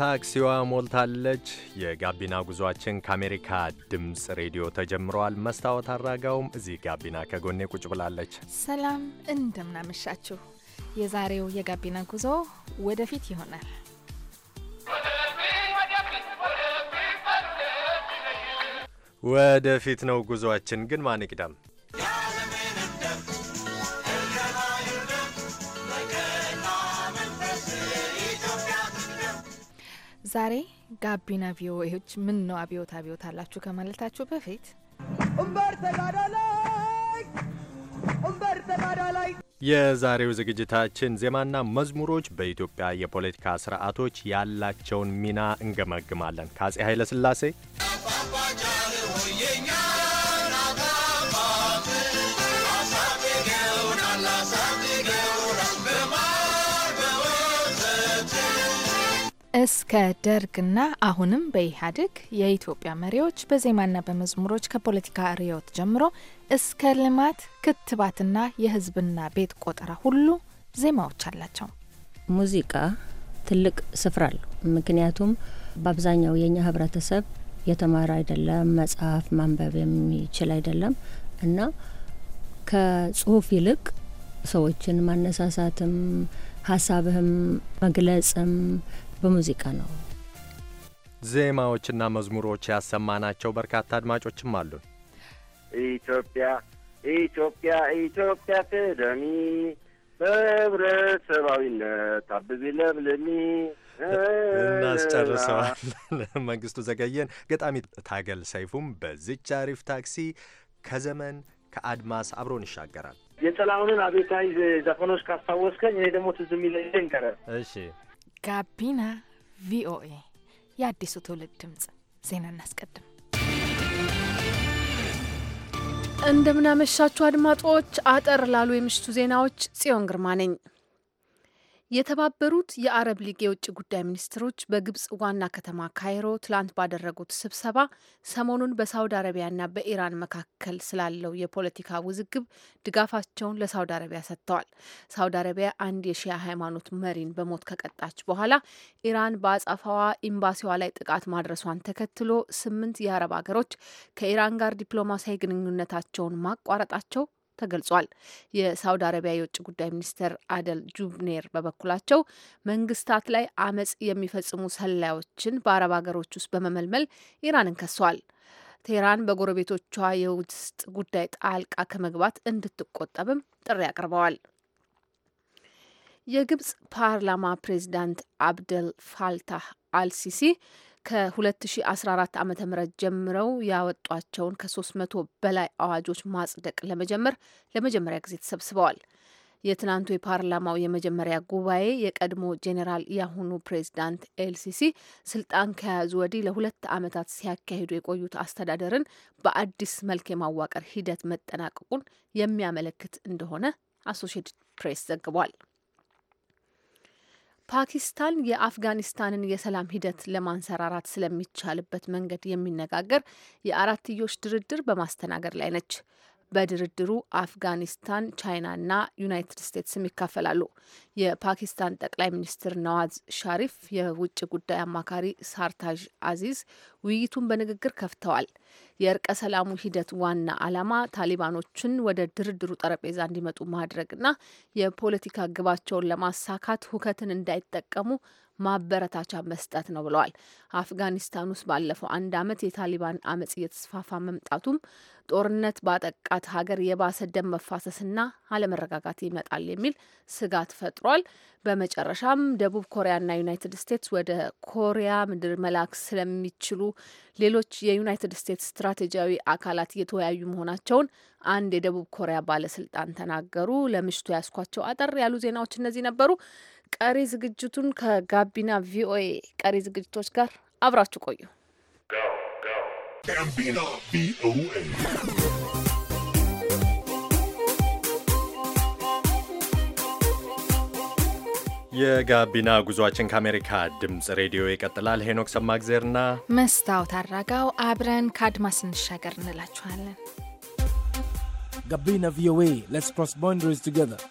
ታክሲዋ ሞልታለች። የጋቢና ጉዟችን ከአሜሪካ ድምፅ ሬዲዮ ተጀምረዋል። መስታወት አራጋውም እዚህ ጋቢና ከጎኔ ቁጭ ብላለች። ሰላም እንደምናመሻችሁ። የዛሬው የጋቢና ጉዞ ወደፊት ይሆናል። ወደፊት ነው ጉዟችን። ግን ማን ይቅደም? ዛሬ ጋቢና ቪኦኤዎች ምን ነው አብዮት አብዮት አላችሁ ከማለታችሁ በፊት እምበር ተጋዳላይ እምበር ተጋዳላይ። የዛሬው ዝግጅታችን ዜማና መዝሙሮች በኢትዮጵያ የፖለቲካ ስርዓቶች ያላቸውን ሚና እንገመግማለን። ከአጼ ኃይለሥላሴ እስከ ደርግና አሁንም በኢህአዴግ የኢትዮጵያ መሪዎች በዜማና በመዝሙሮች ከፖለቲካ ርዕዮት ጀምሮ እስከ ልማት፣ ክትባትና የህዝብና ቤት ቆጠራ ሁሉ ዜማዎች አላቸው። ሙዚቃ ትልቅ ስፍራ አለው። ምክንያቱም በአብዛኛው የእኛ ህብረተሰብ የተማረ አይደለም፣ መጽሐፍ ማንበብ የሚችል አይደለም እና ከጽሁፍ ይልቅ ሰዎችን ማነሳሳትም ሀሳብህም መግለጽም በሙዚቃ ነው። ዜማዎችና መዝሙሮች ያሰማናቸው በርካታ አድማጮችም አሉን። ኢትዮጵያ ኢትዮጵያ ኢትዮጵያ ቀደሚ በህብረተሰባዊነት አብቢ ለምልሚ። እናስጨርሰዋለን። መንግስቱ ዘገየን፣ ገጣሚ ታገል ሰይፉም በዚች አሪፍ ታክሲ ከዘመን ከአድማስ አብሮን ይሻገራል። የጥላሁንን አቤታይ ዘፈኖች ካስታወስከኝ እኔ ደግሞ ትዝ የሚለኝ ይንገረ እሺ ጋቢና ቪኦኤ የአዲሱ ትውልድ ድምፅ። ዜና እናስቀድም። እንደምናመሻችሁ አድማጮች፣ አጠር ላሉ የምሽቱ ዜናዎች ጽዮን ግርማ ነኝ። የተባበሩት የአረብ ሊግ የውጭ ጉዳይ ሚኒስትሮች በግብጽ ዋና ከተማ ካይሮ ትላንት ባደረጉት ስብሰባ ሰሞኑን በሳውዲ አረቢያና በኢራን መካከል ስላለው የፖለቲካ ውዝግብ ድጋፋቸውን ለሳውዲ አረቢያ ሰጥተዋል። ሳውዲ አረቢያ አንድ የሺያ ሃይማኖት መሪን በሞት ከቀጣች በኋላ ኢራን በአጻፋዋ ኤምባሲዋ ላይ ጥቃት ማድረሷን ተከትሎ ስምንት የአረብ ሀገሮች ከኢራን ጋር ዲፕሎማሲያዊ ግንኙነታቸውን ማቋረጣቸው ተገልጿል። የሳውዲ አረቢያ የውጭ ጉዳይ ሚኒስትር አደል ጁብኔር በበኩላቸው መንግስታት ላይ አመጽ የሚፈጽሙ ሰላዮችን በአረብ ሀገሮች ውስጥ በመመልመል ኢራንን ከሷል። ቴህራን በጎረቤቶቿ የውስጥ ጉዳይ ጣልቃ ከመግባት እንድትቆጠብም ጥሪ አቅርበዋል። የግብጽ ፓርላማ ፕሬዚዳንት አብደል ፋልታህ አልሲሲ ከ2014 ዓ ም ጀምረው ያወጧቸውን ከ300 በላይ አዋጆች ማጽደቅ ለመጀመር ለመጀመሪያ ጊዜ ተሰብስበዋል። የትናንቱ የፓርላማው የመጀመሪያ ጉባኤ የቀድሞ ጄኔራል የአሁኑ ፕሬዚዳንት ኤልሲሲ ስልጣን ከያዙ ወዲህ ለሁለት ዓመታት ሲያካሂዱ የቆዩት አስተዳደርን በአዲስ መልክ የማዋቀር ሂደት መጠናቀቁን የሚያመለክት እንደሆነ አሶሽትድ ፕሬስ ዘግቧል። ፓኪስታን የአፍጋኒስታንን የሰላም ሂደት ለማንሰራራት ስለሚቻልበት መንገድ የሚነጋገር የአራትዮሽ ድርድር በማስተናገድ ላይ ነች። በድርድሩ አፍጋኒስታን፣ ቻይናና ዩናይትድ ስቴትስም ይካፈላሉ። የፓኪስታን ጠቅላይ ሚኒስትር ነዋዝ ሻሪፍ፣ የውጭ ጉዳይ አማካሪ ሳርታዥ አዚዝ ውይይቱን በንግግር ከፍተዋል። የእርቀ ሰላሙ ሂደት ዋና ዓላማ ታሊባኖችን ወደ ድርድሩ ጠረጴዛ እንዲመጡ ማድረግና የፖለቲካ ግባቸውን ለማሳካት ሁከትን እንዳይጠቀሙ ማበረታቻ መስጠት ነው ብለዋል። አፍጋኒስታን ውስጥ ባለፈው አንድ ዓመት የታሊባን አመፅ እየተስፋፋ መምጣቱም ጦርነት ባጠቃት ሀገር የባሰ ደም መፋሰስና አለመረጋጋት ይመጣል የሚል ስጋት ፈጥሯል። በመጨረሻም ደቡብ ኮሪያና ዩናይትድ ስቴትስ ወደ ኮሪያ ምድር መላክ ስለሚችሉ ሌሎች የዩናይትድ ስቴትስ ስትራቴጂያዊ አካላት እየተወያዩ መሆናቸውን አንድ የደቡብ ኮሪያ ባለስልጣን ተናገሩ። ለምሽቱ ያስኳቸው አጠር ያሉ ዜናዎች እነዚህ ነበሩ። ቀሪ ዝግጅቱን ከጋቢና ቪኦኤ ቀሪ ዝግጅቶች ጋር አብራችሁ ቆዩ። የጋቢና ጉዟችን ከአሜሪካ ድምፅ ሬዲዮ ይቀጥላል። ሄኖክ ሰማግዜርና መስታወት አራጋው አብረን ከአድማስ እንሻገር እንላችኋለን። ጋቢና ቪኦኤ ሌትስ ክሮስ ቦንደሪስ ቱጌዘር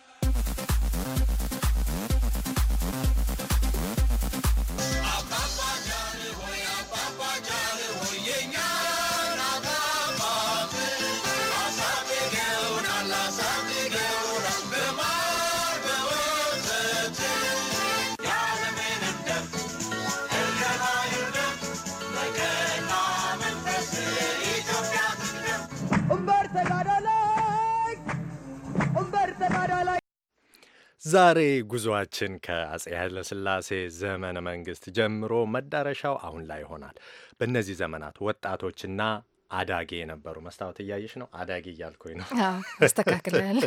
ዛሬ ጉዞአችን ከአጼ ኃይለሥላሴ ዘመነ መንግሥት ጀምሮ መዳረሻው አሁን ላይ ይሆናል። በእነዚህ ዘመናት ወጣቶችና አዳጊ የነበሩ መስታወት እያየሽ ነው። አዳጊ እያልኩኝ ነው። አስተካክለል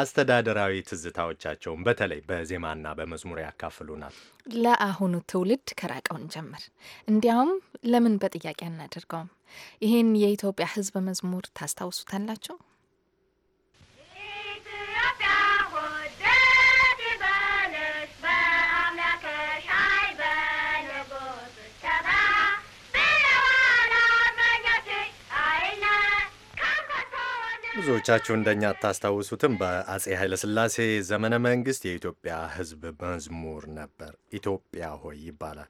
አስተዳደራዊ ትዝታዎቻቸውን በተለይ በዜማና በመዝሙር ያካፍሉናል። ለአሁኑ ትውልድ ከራቀውን ጀምር። እንዲያውም ለምን በጥያቄ አናደርገውም? ይህን የኢትዮጵያ ሕዝብ መዝሙር ታስታውሱታላችሁ? ብዙዎቻችሁ እንደኛ አታስታውሱትም። በአጼ ኃይለሥላሴ ዘመነ መንግሥት የኢትዮጵያ ሕዝብ መዝሙር ነበር። ኢትዮጵያ ሆይ ይባላል።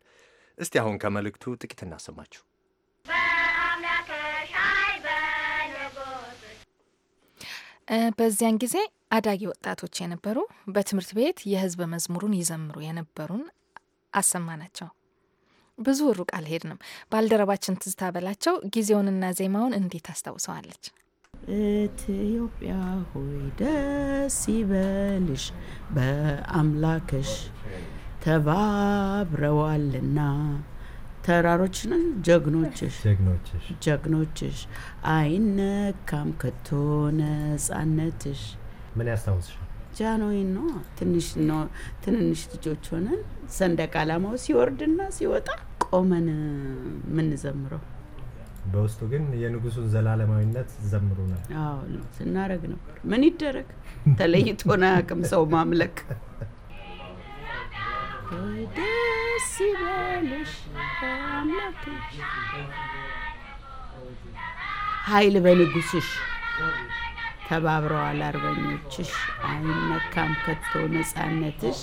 እስቲ አሁን ከመልእክቱ ጥቂት እናሰማችሁ። በዚያን ጊዜ አዳጊ ወጣቶች የነበሩ በትምህርት ቤት የሕዝብ መዝሙሩን ይዘምሩ የነበሩን አሰማናቸው። ብዙ ሩቅ አልሄድንም። ባልደረባችን ትዝታ በላቸው ጊዜውንና ዜማውን እንዴት አስታውሰዋለች። ኢትዮጵያ ሆይ ደስ ይበልሽ፣ በአምላክሽ ተባብረዋልና ተራሮችንን ጀግኖችሽ ጀግኖችሽ አይነካም ከቶ ነጻነትሽ። ምን ያስታውስሽ? ጃንሆይን ነው። ትንሽ ነው ትንንሽ ልጆች ሆነን ሰንደቅ ዓላማው ሲወርድና ሲወጣ ቆመን የምንዘምረው በውስጡ ግን የንጉሱን ዘላለማዊነት ዘምሩ ነው። አዎ ነው ስናረግ ነበር። ምን ይደረግ ተለይቶን አያውቅም ሰው ማምለክ። ደስ ይበልሽ አምላክሽ፣ ኃይል በንጉስሽ። ተባብረዋል አርበኞችሽ፣ አይነካም ከቶ ነጻነትሽ።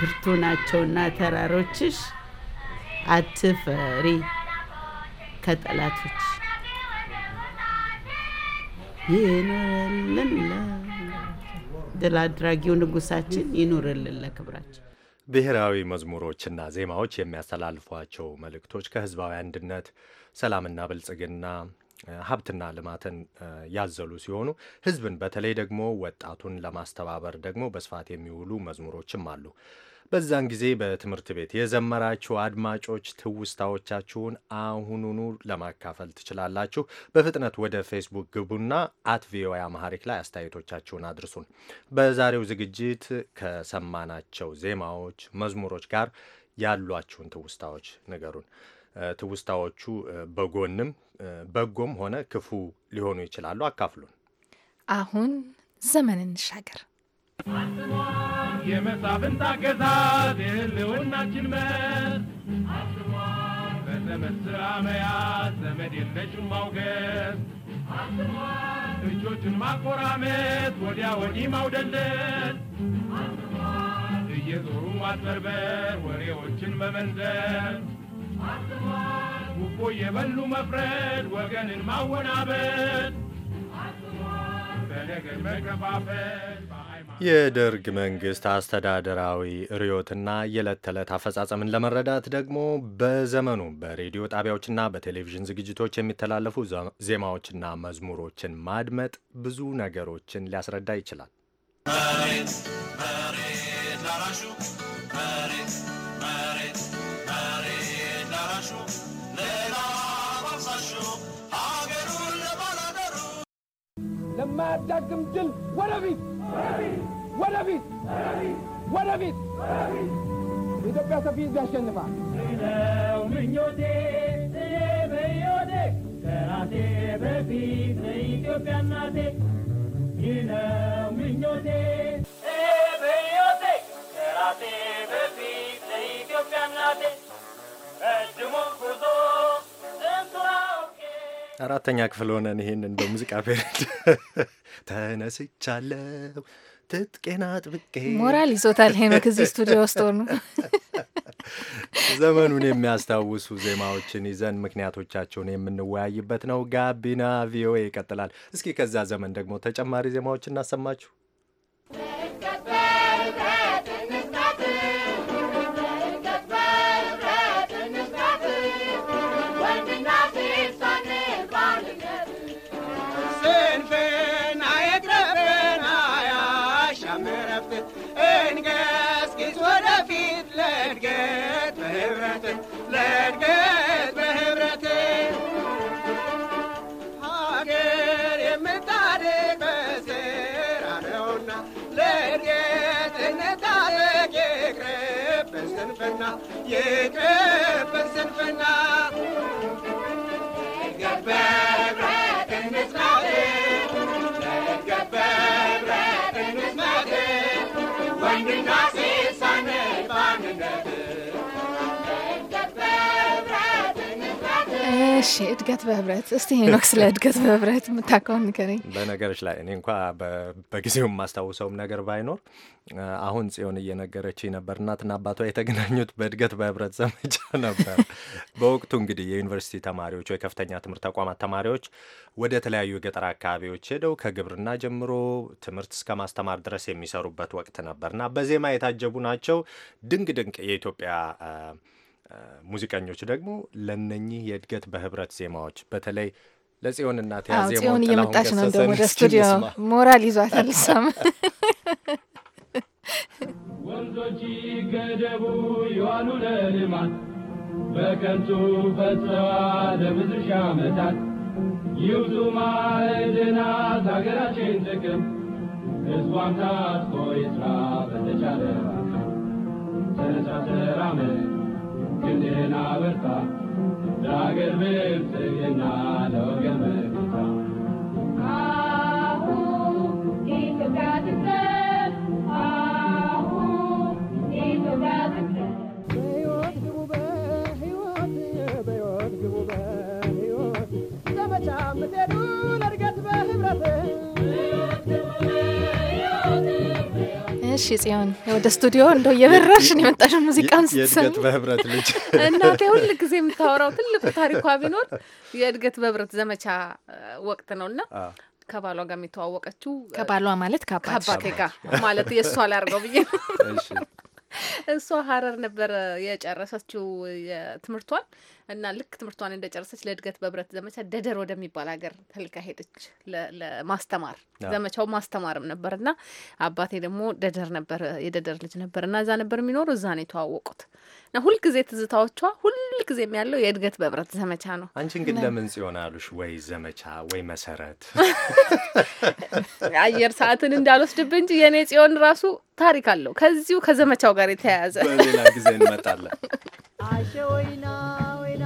ብርቱ ናቸውና ተራሮችሽ አትፈሪ ከጠላቶች ይኑርልን ድል አድራጊው ንጉሳችን ይኑርልን ለክብራችን። ብሔራዊ መዝሙሮችና ዜማዎች የሚያስተላልፏቸው መልእክቶች ከህዝባዊ አንድነት ሰላምና ብልጽግና ሀብትና ልማትን ያዘሉ ሲሆኑ ህዝብን በተለይ ደግሞ ወጣቱን ለማስተባበር ደግሞ በስፋት የሚውሉ መዝሙሮችም አሉ። በዛን ጊዜ በትምህርት ቤት የዘመራችሁ አድማጮች ትውስታዎቻችሁን አሁኑኑ ለማካፈል ትችላላችሁ። በፍጥነት ወደ ፌስቡክ ግቡና አት ቪኦኤ አማሐሪክ ላይ አስተያየቶቻችሁን አድርሱን። በዛሬው ዝግጅት ከሰማናቸው ዜማዎች፣ መዝሙሮች ጋር ያሏችሁን ትውስታዎች ንገሩን። ትውስታዎቹ በጎንም በጎም ሆነ ክፉ ሊሆኑ ይችላሉ። አካፍሉን። አሁን ዘመን እንሻገር። የመሳፍንት አገዛዝ የህልውናችን መስ በዘመን መያዝ ዘመድ የለሽም ማውገዝ እጆችን ማቆራመት ወዲያ ወዲህ ማውደለት እየዞሩ ማጥበርበር ወሬዎችን መመንዘር ጉቦ የበሉ መፍረድ፣ ወገንን ማወናበድ፣ በነገድ መከፋፈል የደርግ መንግስት አስተዳደራዊ ርዮትና የዕለት ተዕለት አፈጻጸምን ለመረዳት ደግሞ በዘመኑ በሬዲዮ ጣቢያዎችና በቴሌቪዥን ዝግጅቶች የሚተላለፉ ዜማዎችና መዝሙሮችን ማድመጥ ብዙ ነገሮችን ሊያስረዳ ይችላል። መሬት መሬት ላራሹ መሬት ለማያዳግም ድል ወደፊት ወደፊት ወደፊት የኢትዮጵያ ሰፊ ሕዝብ ያሸንፋል ነው ምኞቴ እኔ በዮቴ ከራሴ በፊት ለኢትዮጵያ እናቴ ይህ ነው ምኞቴ እኔ በዮቴ ከራሴ በፊት ለኢትዮጵያ እናቴ አራተኛ ክፍል ሆነን ይሄንን በሙዚቃ ፔሬድ ተነስቻለሁ ትጥቄና ጥብቄ ሞራል ይዞታል። ሄኖክ እዚህ ስቱዲዮ ውስጥ ሆኑ ዘመኑን የሚያስታውሱ ዜማዎችን ይዘን ምክንያቶቻቸውን የምንወያይበት ነው። ጋቢና ቪኦኤ ይቀጥላል። እስኪ ከዛ ዘመን ደግሞ ተጨማሪ ዜማዎች እናሰማችሁ። ይቅርና እሺ እድገት በህብረት እስቲ ሄኖክ ስለ እድገት በህብረት የምታውቀውን ንገረኝ። በነገሮች ላይ እኔ እንኳ በጊዜው የማስታውሰውም ነገር ባይኖር አሁን ጽዮን እየነገረች ነበር። እናትና አባቷ የተገናኙት በእድገት በህብረት ዘመቻ ነበር። በወቅቱ እንግዲህ የዩኒቨርሲቲ ተማሪዎች ወይ ከፍተኛ ትምህርት ተቋማት ተማሪዎች ወደ ተለያዩ የገጠር አካባቢዎች ሄደው ከግብርና ጀምሮ ትምህርት እስከ ማስተማር ድረስ የሚሰሩበት ወቅት ነበርና በዜማ የታጀቡ ናቸው ድንቅ ድንቅ የኢትዮጵያ ሙዚቀኞች ደግሞ ለነኚህ የእድገት በህብረት ዜማዎች በተለይ ለጽዮን እና ቴያዜሞን እየመጣች ነው እንደ ወደ ስቱዲዮ ሞራል ይዟት አልሳም ወንዞች ገደቡ የዋሉ ለልማት በከንቱ ፈሰዋ ለብዙ ሺህ ዓመታት ይውጡ ማዕድናት ሀገራችን ጥቅም ህዝቧም ታጥቆ ኮ ይስራ በተቻለ ተነሳሰራመት ክንድህን አበርታ ዳግም ብልጽግና ለወገን በጌታ አሁን ኢትዮጵያ ትሰ እሺ ጽዮን፣ ወደ ስቱዲዮ እንደው የበራሽን የመጣሽ የመጣሽው። ሙዚቃም ስትሰሚ በህብረት ልጅ እናቴ ሁል ጊዜ የምታወራው ትልቁ ታሪኳ ቢኖር የእድገት በህብረት ዘመቻ ወቅት ነው እና ከባሏ ጋር የሚተዋወቀችው ከባሏ ማለት ከአባቴ ጋር ማለት የእሷ ላርገው ብዬ ነው። እሷ ሀረር ነበረ የጨረሰችው ትምህርቷን እና ልክ ትምህርቷን እንደጨረሰች ለእድገት በብረት ዘመቻ ደደር ወደሚባል ሀገር ተልካ ሄደች ለማስተማር ዘመቻው ማስተማርም ነበር እና አባቴ ደግሞ ደደር ነበር የደደር ልጅ ነበር እና እዛ ነበር የሚኖሩ እዛ ነው የተዋወቁት እና ሁልጊዜ ትዝታዎቿ ሁልጊዜም ያለው የእድገት በብረት ዘመቻ ነው አንቺን ግን ለምን ጽዮን አሉሽ ወይ ዘመቻ ወይ መሰረት አየር ሰዓትን እንዳልወስድብ እንጂ የእኔ ጽዮን ራሱ ታሪክ አለው ከዚሁ ከዘመቻው ጋር የተያያዘ በሌላ ጊዜ እንመጣለን አሸወይና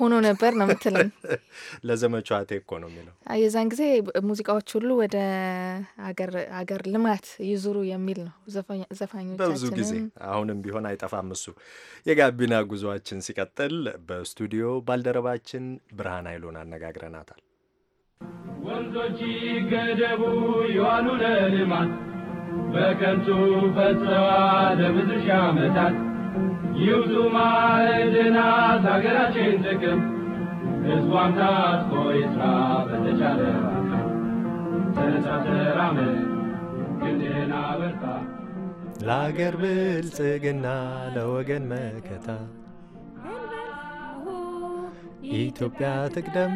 ሆኖ ነበር ነው የምትለኝ። ለዘመቻ ቴኮ ነው የሚለው። የዛን ጊዜ ሙዚቃዎች ሁሉ ወደ አገር ልማት ይዙሩ የሚል ነው ዘፋኞቻችን በብዙ ጊዜ። አሁንም ቢሆን አይጠፋም እሱ። የጋቢና ጉዟችን ሲቀጥል በስቱዲዮ ባልደረባችን ብርሃን ኃይሎን አነጋግረናታል። ወንዞች ገደቡ የዋሉ ለልማት በከንቱ ፈሰዋ ለብዙ ሺህ ዓመታት ይብዙ ማዕድናት አገራችን ጥቅም ህዝቧን ታጥቆ ይስራ በተቻለ ተነሳ ተራመድ አበርታ ለአገር ብልጽግና ለወገን መከታ ኢትዮጵያ ትቅደም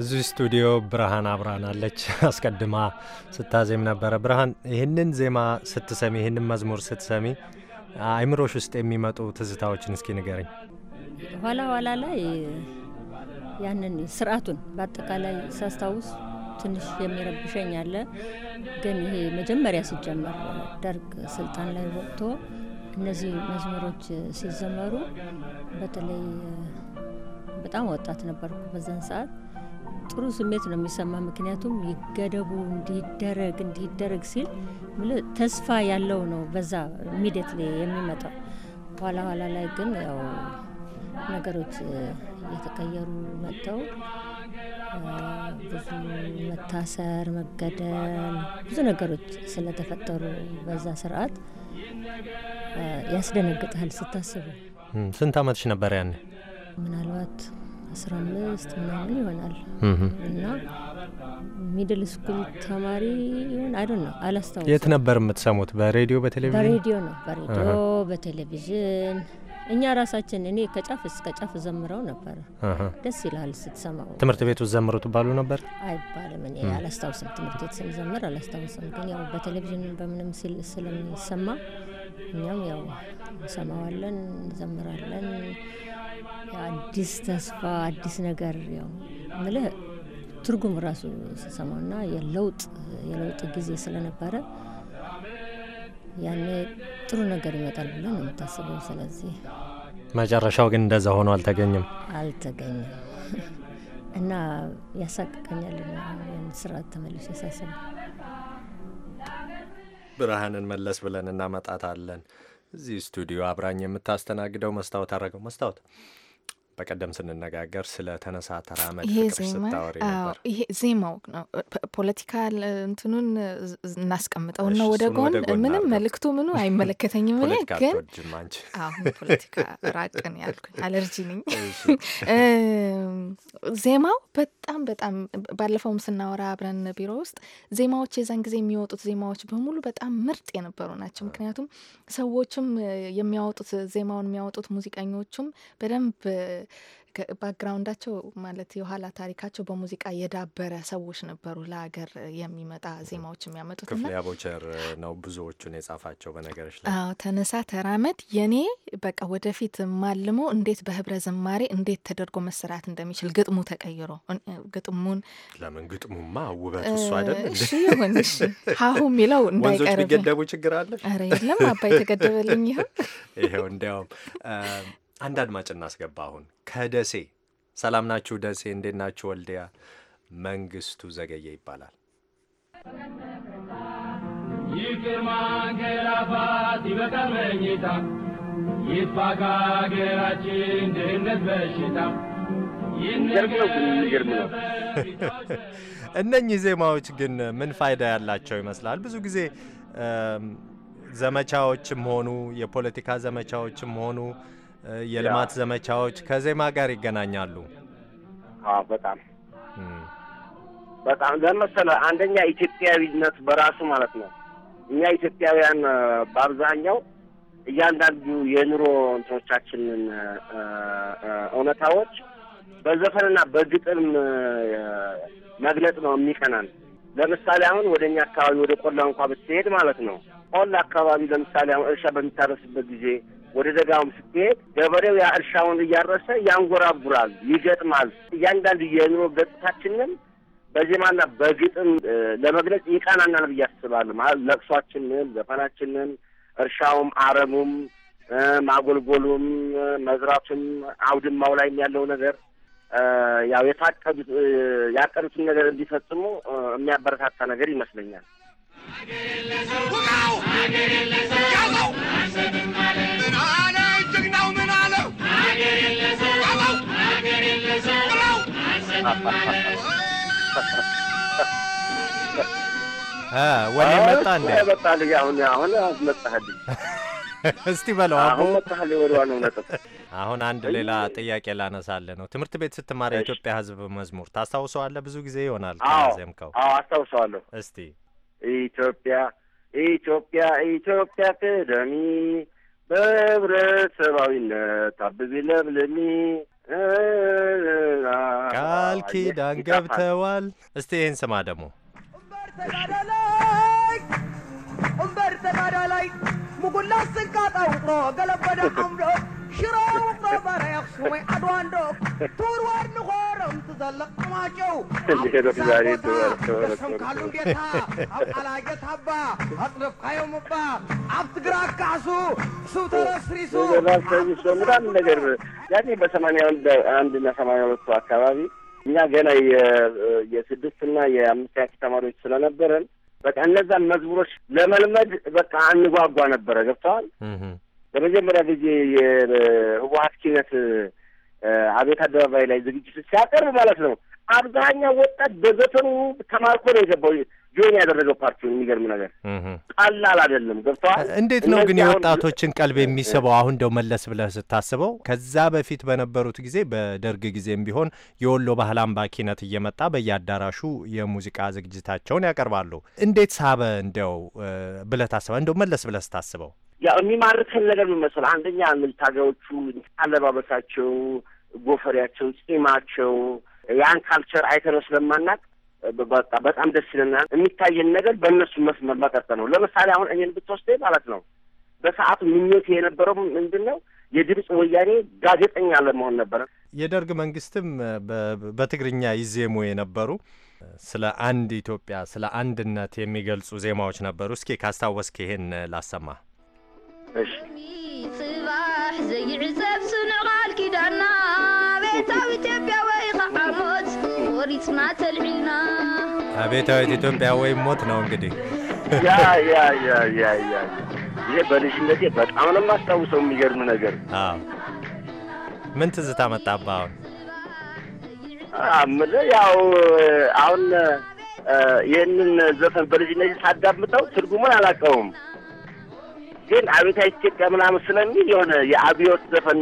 እዚህ ስቱዲዮ ብርሃን አብራናለች። አስቀድማ ስታዜም ነበረ። ብርሃን፣ ይህንን ዜማ ስትሰሚ፣ ይህንን መዝሙር ስትሰሚ አይምሮሽ ውስጥ የሚመጡ ትዝታዎችን እስኪ ንገረኝ። ኋላ ኋላ ላይ ያንን ስርዓቱን በአጠቃላይ ሳስታውስ ትንሽ የሚረብሸኝ አለ። ግን ይሄ መጀመሪያ ሲጀመር ደርግ ስልጣን ላይ ወጥቶ እነዚህ መዝሙሮች ሲዘመሩ በተለይ በጣም ወጣት ነበርኩ በዛን ሰዓት ጥሩ ስሜት ነው የሚሰማ። ምክንያቱም ይገደቡ እንዲደረግ እንዲደረግ ሲል ተስፋ ያለው ነው በዛ ሚደት የሚመጣው። ኋላ ኋላ ላይ ግን ያው ነገሮች እየተቀየሩ መጥተው ብዙ መታሰር፣ መገደል፣ ብዙ ነገሮች ስለተፈጠሩ በዛ ስርዓት ያስደነግጣል ስታስቡ። ስንት አመትሽ ነበር ያኔ? ምናልባት አስራ አምስት ምናምን ይሆናል እና ሚድል ስኩል ተማሪ ይሆን አይ ነው አላስታውስም። የት ነበር የምትሰሙት? በሬዲዮ በቴሌቪዥን? በሬዲዮ ነው፣ በሬዲዮ በቴሌቪዥን። እኛ ራሳችን እኔ ከጫፍ እስከ ጫፍ ዘምረው ነበር ደስ ይላል ስትሰማው። ትምህርት ቤት ውስጥ ዘምሩ ትባሉ ነበር አይባልም። እኔ አላስታውስም፣ ትምህርት ቤት ስንዘምር አላስታውስም። ግን ያው በቴሌቪዥን በምንም ስለሚሰማ እኛም ያው እንሰማዋለን፣ እንዘምራለን። አዲስ ተስፋ አዲስ ነገር ያው ምልህ ትርጉም ራሱ ና የለውጥ የለውጥ ጊዜ ስለነበረ ያኔ ጥሩ ነገር ይመጣል ብለን ነው የምታስበው። ስለዚህ መጨረሻው ግን እንደዛ ሆኖ አልተገኘም አልተገኘም እና ያሳቅቀኛል ስራ ተመልሶ ያሳስበ ብርሃንን መለስ ብለን እናመጣታለን። እዚህ ስቱዲዮ አብራኝ የምታስተናግደው መስታወት አድረገው መስታወት በቀደም ስንነጋገር ስለ ተነሳ ተራመድ ፍቅር ስታወሪ ነበር። ይሄ ዜማው ነው። ፖለቲካ እንትኑን እናስቀምጠው እናስቀምጠውና ወደ ጎን ምንም መልእክቱ ምኑ አይመለከተኝም። እኔ ግን አሁን ፖለቲካ ራቅን ያልኩኝ አለርጂ ነኝ። ዜማው በጣም በጣም ባለፈውም ስናወራ አብረን ቢሮ ውስጥ ዜማዎች የዛን ጊዜ የሚወጡት ዜማዎች በሙሉ በጣም ምርጥ የነበሩ ናቸው። ምክንያቱም ሰዎችም የሚያወጡት ዜማውን የሚያወጡት ሙዚቀኞቹም በደንብ ባክግራውንዳቸው ማለት የኋላ ታሪካቸው በሙዚቃ የዳበረ ሰዎች ነበሩ። ለሀገር የሚመጣ ዜማዎች የሚያመጡት ክፍሌ አቦቸር ነው ብዙዎቹን የጻፋቸው። በነገሮች ላይ ተነሳ ተራመድ፣ የኔ በቃ ወደፊት ማልሞ እንዴት በህብረ ዝማሬ እንዴት ተደርጎ መሰራት እንደሚችል ግጥሙ ተቀይሮ ግጥሙን ለምን ግጥሙማ ውበት እሱ አይደል? እሺ ይሁን እሺ፣ ሀሁ የሚለው እንዳይቀርብ ቢገደቡ ችግር አለ። ኧረ የለም አባይ ተገደበልኝ። ይኸው ይኸው እንዲያውም አንድ አድማጭ እናስገባ። አሁን ከደሴ ሰላም ናችሁ? ደሴ እንዴት ናችሁ? ወልዲያ መንግስቱ ዘገየ ይባላል። ይቅር ማንገላፋት ይበቃል መኝታ፣ ድህነት በሽታ። እነኚህ ዜማዎች ግን ምን ፋይዳ ያላቸው ይመስላል? ብዙ ጊዜ ዘመቻዎችም ሆኑ የፖለቲካ ዘመቻዎችም ሆኑ የልማት ዘመቻዎች ከዜማ ጋር ይገናኛሉ። በጣም በጣም ለመሰለ አንደኛ ኢትዮጵያዊነት በራሱ ማለት ነው። እኛ ኢትዮጵያውያን በአብዛኛው እያንዳንዱ የኑሮ እንትኖቻችንን እውነታዎች በዘፈንና በግጥም መግለጽ ነው የሚቀናን። ለምሳሌ አሁን ወደ እኛ አካባቢ ወደ ቆላ እንኳ ብትሄድ ማለት ነው ቆላ አካባቢ ለምሳሌ አሁን እርሻ በሚታረስበት ጊዜ ወደ ደጋውም ስትሄድ ገበሬው እርሻውን እያረሰ ያንጎራጉራል፣ ይገጥማል። እያንዳንዱ የኑሮ ገጽታችንን በዜማና በግጥም ለመግለጽ ይቀናናል ብዬ አስባለሁ። ማለት ለቅሷችንን፣ ዘፈናችንን፣ እርሻውም፣ አረሙም፣ ማጎልጎሉም፣ መዝራቱም አውድማው ላይም ያለው ነገር ያው የታቀዱት ያቀዱትን ነገር እንዲፈጽሙ የሚያበረታታ ነገር ይመስለኛል። ጀግናው ምን አለው? የለሰው አለው የለሰው ብለው ወኔ መጣ መጣልኝ አሁን አሁን አስመጣህልኝ። እስቲ በለው አሁን መጣህልኝ ወደ ዋናው ነጥብ። አሁን አንድ ሌላ ጥያቄ ላነሳለ ነው። ትምህርት ቤት ስትማር የኢትዮጵያ ሕዝብ መዝሙር ታስታውሰዋለህ? ብዙ ጊዜ ይሆናል ዘምከው። አዎ አስታውሰዋለሁ። እስቲ ኢትዮጵያ ኢትዮጵያ ኢትዮጵያ ቅደሚ በህብረተሰባዊነት ታብቢ ለምልሚ ቃል ኪዳን ገብተዋል። እስቲ ይህን ስማ ደግሞ እምበር ተጋዳ ሙጉላ ስንቃጣ ገለበደ አምሮ ሽሮ በረክሱወ አድዋንዶ ትውርዋድ ንኾረም ትዘለቕ ጥማቸው ሰምካሉ ጌታ ኣብ ቃላጀት ሃባ ኣፅደፍካዮም እባ ኣብ ትግራ ካዕሱ እሱብ ምናምን ነገር ያኔ በሰማንያ አንድ እና ሰማንያ ሁለቱ አካባቢ እኛ ገና የስድስት የአምስት ያክል ተማሪዎች ስለነበረን በቃ እነዛን መዝሙሮች ለመልመድ በቃ አንጓጓ ነበረ ገብተዋል በመጀመሪያ ጊዜ የህወሀት ኪነት አቤት አደባባይ ላይ ዝግጅት ሲያቀርብ ማለት ነው አብዛኛው ወጣት በዘፈኑ ተማርኮ ነው የገባው ጆን ያደረገው ፓርቲውን። የሚገርም ነገር ቀላል አይደለም። ገብተዋል። እንዴት ነው ግን የወጣቶችን ቀልብ የሚስበው? አሁን እንደው መለስ ብለህ ስታስበው ከዛ በፊት በነበሩት ጊዜ በደርግ ጊዜም ቢሆን የወሎ ባህል አምባ ኪነት እየመጣ በየአዳራሹ የሙዚቃ ዝግጅታቸውን ያቀርባሉ። እንዴት ሳበ እንደው ብለህ ታስበ እንደው መለስ ብለህ ስታስበው ያው የሚማርከን ነገር ምን መሰለህ፣ አንደኛ ምልት አለባበሳቸው፣ ጎፈሪያቸው፣ ጺማቸው ያን ካልቸር አይተነው ስለማናቅ በቃ በጣም ደስ ይለናል። የሚታየን ነገር በእነሱ መስመር መቀጠል ነው። ለምሳሌ አሁን እኔን ብትወስደ ማለት ነው በሰዓቱ ምኞት የነበረው ምንድን ነው የድምፅ ወያኔ ጋዜጠኛ ለመሆን ነበረ። የደርግ መንግስትም በትግርኛ ይዜሙ የነበሩ ስለ አንድ ኢትዮጵያ ስለ አንድነት የሚገልጹ ዜማዎች ነበሩ። እስኪ ካስታወስክ ይሄን ላሰማ። ፅባሕ ቤታዊት ኢትዮጵያ ወይ ሞት ነው እንግዲህ ያ ያ ያ ያ ያ ይሄ በልጅነቴ በጣም ነው የማስታውሰው። የሚገርም ነገር ምን ትዝታ መጣብህ አሁን? የምልህ ያው አሁን ይህንን ዘፈን በልጅነቴ ሳዳምጠው ትርጉሙን አላውቀውም። ግን አቤታ ኢትዮጵያ ምናምን ስለሚል የሆነ የአብዮት ዘፈን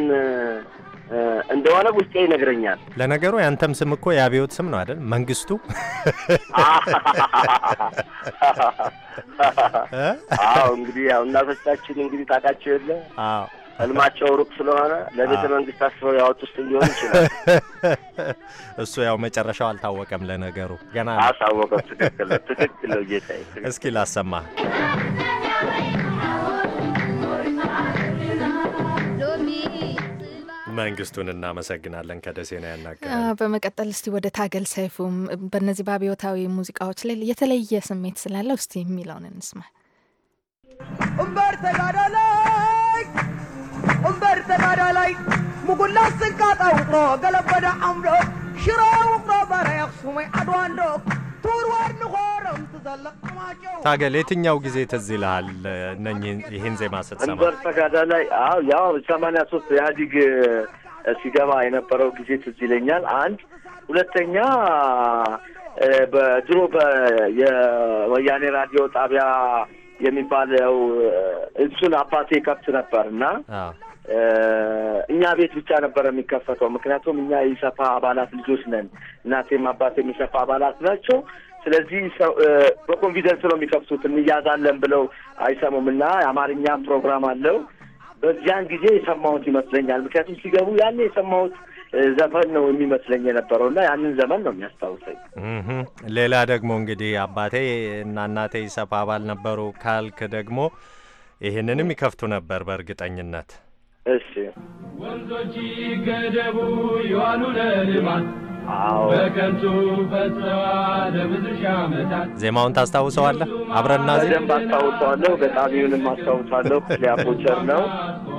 እንደሆነ ውስጤ ይነግረኛል። ለነገሩ ያንተም ስም እኮ የአብዮት ስም ነው አይደል? መንግስቱ። አዎ እንግዲህ ያው እናቶቻችን እንግዲህ ታውቃቸው የለ ህልማቸው ሩቅ ስለሆነ ለቤተ መንግስት አስበው ውስጥ ሊሆን ይችላል። እሱ ያው መጨረሻው አልታወቀም። ለነገሩ ገና አሳወቀም። ትክክል ትክክል። ጌታ እስኪ ላሰማ መንግስቱን እናመሰግናለን። ከደሴ ነው ያናገረን። በመቀጠል እስቲ ወደ ታገል ሰይፉም በእነዚህ በአብዮታዊ ሙዚቃዎች ላይ የተለየ ስሜት ስላለው እስቲ የሚለውን እንስማ። እምበር ተጋዳ ላይ እምበር ተጋዳ ላይ ሙጉላ ስንቃጣ ውቅሮ ገለበዳ አምዶ ሽሮ ውቅሮ በረ ያክሱመይ አድዋንዶ ታገል የትኛው ጊዜ ትዝ ይልሃል? እነኝህን ይህን ዜማ ስትሰማ ድንበር ተጋዳ ላይ አዎ፣ ያው ሰማንያ ሶስት ኢህአዲግ ሲገባ የነበረው ጊዜ ትዝ ይለኛል። አንድ ሁለተኛ በድሮ የወያኔ ራዲዮ ጣቢያ የሚባለው እሱን አባቴ ከብት ነበር እና እኛ ቤት ብቻ ነበረ የሚከፈተው። ምክንያቱም እኛ የኢሰፓ አባላት ልጆች ነን። እናቴም አባቴም የኢሰፓ አባላት ናቸው። ስለዚህ በኮንፊደንስ ነው የሚከፍቱት። እንያዛለን ብለው አይሰሙም። እና የአማርኛ ፕሮግራም አለው። በዚያን ጊዜ የሰማሁት ይመስለኛል። ምክንያቱም ሲገቡ ያኔ የሰማሁት ዘፈን ነው የሚመስለኝ የነበረው እና ያንን ዘመን ነው የሚያስታውሰኝ። ሌላ ደግሞ እንግዲህ አባቴ እና እናቴ ኢሰፓ አባል ነበሩ ካልክ ደግሞ ይህንንም ይከፍቱ ነበር በእርግጠኝነት እሺ ወንዞች ገደቡ ይዋሉ ለልማት በከንቱ ፈሰዋል ብዙ ሺህ ዓመታት። ዜማውን ታስታውሰዋለህ? አብረና ዜ በደንብ አስታውሰዋለሁ። ገጣሚውንም አስታውሳለሁ። ሊያፖቸር ነው።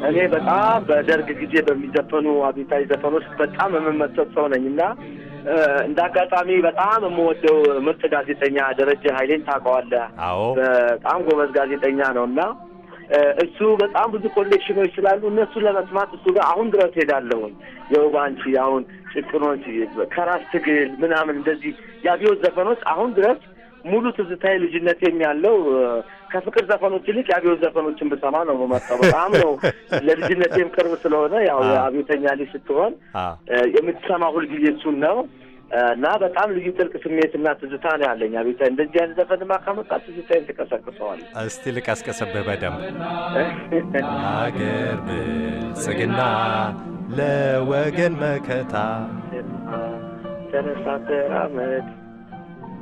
እኔ በጣም በደርግ ጊዜ በሚዘፈኑ አብዮታዊ ዘፈኖች በጣም የምመሰጥ ሰው ነኝ እና እንደ አጋጣሚ በጣም የምወደው ምርጥ ጋዜጠኛ ደረጀ ኃይሌን ታውቀዋለህ? አዎ፣ በጣም ጎበዝ ጋዜጠኛ ነው እና እሱ በጣም ብዙ ኮሌክሽኖች ስላሉ እነሱ ለመስማት እሱ ጋር አሁን ድረስ ሄዳለሁኝ። የውባንቺ አሁን ጭቅኖች ከራስ ትግል ምናምን እንደዚህ የአብዮት ዘፈኖች አሁን ድረስ ሙሉ ትዝታዬ ልጅነት ያለው ከፍቅር ዘፈኖች ይልቅ የአብዮት ዘፈኖችን ብሰማ ነው መመርጠው። በጣም ነው ለልጅነቴም ቅርብ ስለሆነ ያው አብዮተኛ ልጅ ስትሆን የምትሰማ ሁልጊዜ እሱን ነው። እና በጣም ልዩ ጥልቅ ስሜት ስሜትና ትዝታ ነው ያለኝ። አቤት እንደዚህ አይነት ዘፈንማ ካመጣ ትዝታዬን ትቀሰቅሰዋል። እስቲ ልቀስቅስብህ በደምብ አገር ብልጽግና ለወገን መከታ ተነሳ ተራመድ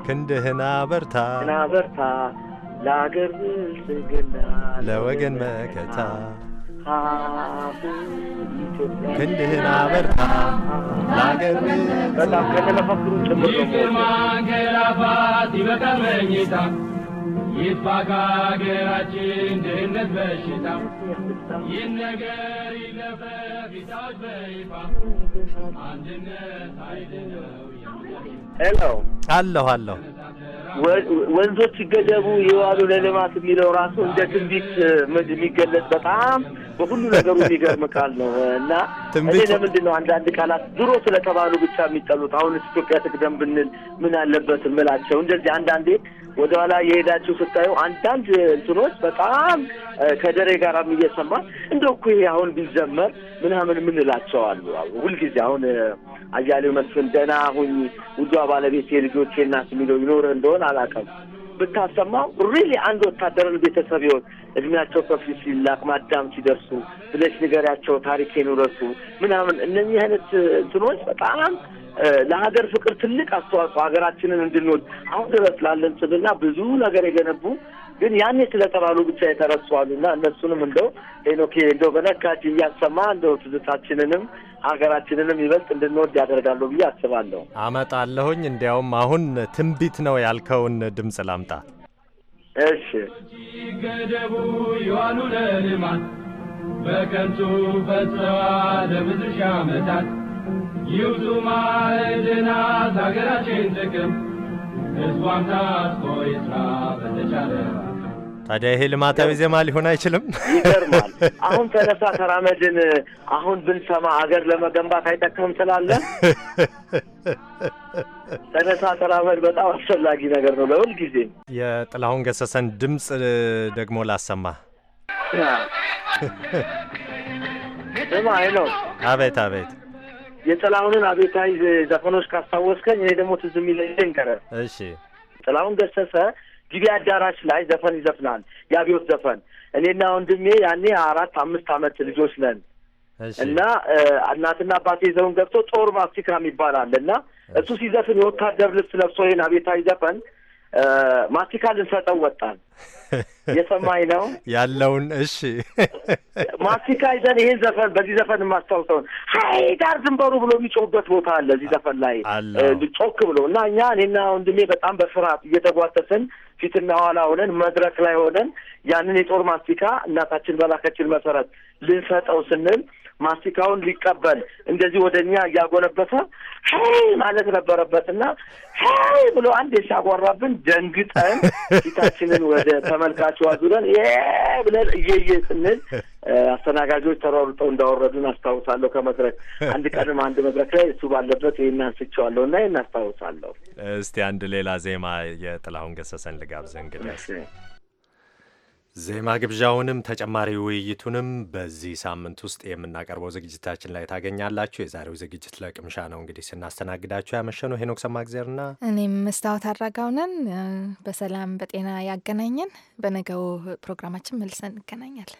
ክንድህን በርታ በርታ ለአገር ብልጽግና ለወገን መከታ ክንድህን አበርታ ለአገር በጣም ከተለፋፍሩ ጭምር ነው ይበቃ መኝታ ድህነት በሽታ ነገር ይለፈፍ ይታወጅ በይፋ አንድነት አለሁ አለሁ ወንዞች ይገደቡ ይዋሉ ለልማት የሚለው ራሱ እንደ ትንቢት የሚገለጽ በጣም በሁሉ ነገሩ የሚገርም ቃል ነው እና እኔ ለምንድን ነው አንዳንድ ቃላት ድሮ ስለተባሉ ብቻ የሚጠሉት? አሁን ኢትዮጵያ ትቅደም ብንል ምን አለበት ምላቸው? እንደዚህ አንዳንዴ ወደኋላ የሄዳችሁ ስታዩ አንዳንድ እንትኖች በጣም ከደሬ ጋር እየሰማ እንደ እኮ ይሄ አሁን ቢዘመር ምናምን የምንላቸዋሉ። ሁልጊዜ አሁን አያሌው መስፍን ደህና ሁኝ ውዷ ባለቤት የልጆች እናት የሚለው ይኖርህ እንደሆን አላውቅም። ብታሰማው ሪሊ አንድ ወታደርን ቤተሰብ ይሆን እድሜያቸው ከፍ ሲል አቅመ አዳም ሲደርሱ ብለሽ ንገሪያቸው ታሪኬን ውረሱ ምናምን እነዚህ አይነት እንትኖች በጣም ለሀገር ፍቅር ትልቅ አስተዋጽኦ ሀገራችንን እንድንወድ አሁን ድረስ ላለን ስብና ብዙ ነገር የገነቡ ግን ያኔ ስለተባሉ ብቻ የተረሷሉ እና እነሱንም እንደው ሄኖክ እንደው በነካች እያሰማ እንደው ትዝታችንንም ሀገራችንንም ይበልጥ እንድንወድ ያደርጋለሁ ብዬ አስባለሁ። አመጣለሁኝ። እንዲያውም አሁን ትንቢት ነው ያልከውን ድምፅ ላምጣ። እሺ ገደቡ ይዋሉ ለልማት በከንቱ በሰዋ ለብዙ ሺህ ዓመታት ማዕድናት ጥቅም ታጥቆ ይስራ በተቻለ ታዲያ ይሄ ልማታዊ ዜማ ሊሆን አይችልም። ይገርማል። አሁን ተነሳ ተራመድን አሁን ብንሰማ አገር ለመገንባት አይጠቅምም ስላለ ተነሳ ተራመድ በጣም አስፈላጊ ነገር ነው ጊዜ የጥላሁን ገሰሰን ድምፅ ደግሞ ላሰማ። ስማ አይነው። አቤት አቤት የጥላሁንን አቤታዊ ዘፈኖች ካስታወስከኝ እኔ ደግሞ ትዝ የሚለኝ ቀረ። እሺ ጥላሁን ገሰሰ ጊቢ አዳራሽ ላይ ዘፈን ይዘፍናል፣ የአብዮት ዘፈን። እኔና ወንድሜ ያኔ አራት አምስት አመት ልጆች ነን እና እናትና አባቴ ይዘውን ገብቶ ጦር ማስቲካ የሚባል አለ እና እሱ ሲዘፍን የወታደር ልብስ ለብሶ ይሄን አቤታዊ ዘፈን ማስቲካ ልንሰጠው ወጣን። የሰማኝ ነው ያለውን። እሺ ማስቲካ ይዘን ይህን ዘፈን በዚህ ዘፈን የማስታውሰውን ሀይ ዳር ዝንበሩ ብሎ የሚጮህበት ቦታ አለ እዚህ ዘፈን ላይ ጮክ ብሎ እና እኛ እኔና ወንድሜ በጣም በፍርሃት እየተጓተትን ፊትና ኋላ ሆነን መድረክ ላይ ሆነን ያንን የጦር ማስቲካ እናታችን በላከችን መሰረት ልንሰጠው ስንል ማስቲካውን ሊቀበል እንደዚህ ወደ እኛ እያጎነበሰ ሄይ ማለት ነበረበትና ሄይ ብሎ አንድ ሲያጓራብን ደንግጠን ፊታችንን ወደ ተመልካቹ አዙረን ይ ብለን እየየ ስንል አስተናጋጆች ተሯሩጠው እንዳወረዱን አስታውሳለሁ። ከመድረክ አንድ ቀንም አንድ መድረክ ላይ እሱ ባለበት ይህን አንስቼዋለሁ እና ይህን አስታውሳለሁ። እስቲ አንድ ሌላ ዜማ የጥላሁን ገሰሰን ልጋብዘህ እንግዲህ ዜማ ግብዣውንም ተጨማሪ ውይይቱንም በዚህ ሳምንት ውስጥ የምናቀርበው ዝግጅታችን ላይ ታገኛላችሁ። የዛሬው ዝግጅት ለቅምሻ ነው። እንግዲህ ስናስተናግዳችሁ ያመሸነው ሄኖክ ሰማእግዜርና እኔም መስታወት አድራጋውነን በሰላም በጤና ያገናኘን። በነገው ፕሮግራማችን መልሰን እንገናኛለን።